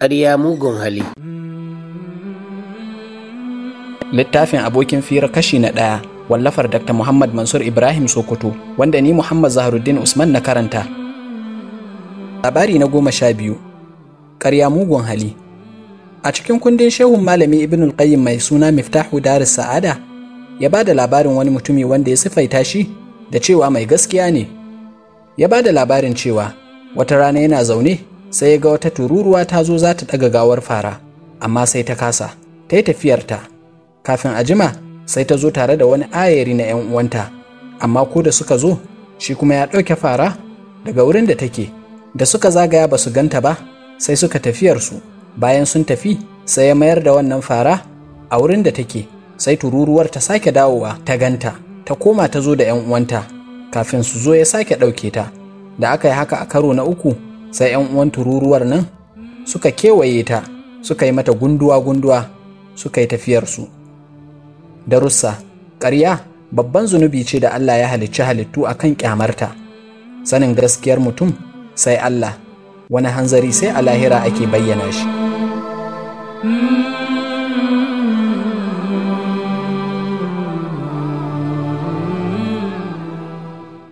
ƙarya mugun hali littafin abokin fira kashi na ɗaya wallafar dr muhammad mansur ibrahim sokoto wanda ni muhammad zaharuddin usman na karanta labari na goma sha biyu ƙarya mugun hali a cikin kundin shehun malami ibn qayyim mai suna miftahu daris sa'ada ya ba da labarin wani mutumi wanda ya sifaita shi da cewa mai gaskiya ne ya ba da labarin cewa wata rana yana zaune sai ya ga wata tururuwa ta zo za ta ɗaga gawar fara amma sai ta kasa ta yi tafiyarta kafin a jima sai ta zo tare da wani ayari na 'yan uwanta amma ko da suka zo shi kuma ya ɗauke fara daga wurin da take da suka zagaya ba su ganta ba sai suka tafiyar su, bayan sun tafi sai ya mayar da wannan fara a wurin da take sai tururuwar ta sake dawowa ta ganta ta koma ta zo da 'yan uwanta kafin su zo ya sake ɗauke ta da aka yi haka a karo na uku sai 'yan uwan tururuwar nan suka kewaye ta suka yi mata gunduwa-gunduwa suka yi tafiyarsu darussa ƙarya babban zunubi ce da allah ya halicci halittu a kan ƙyamarta sanin gaskiyar mutum sai allah wani hanzari sai a lahira ake bayyana shi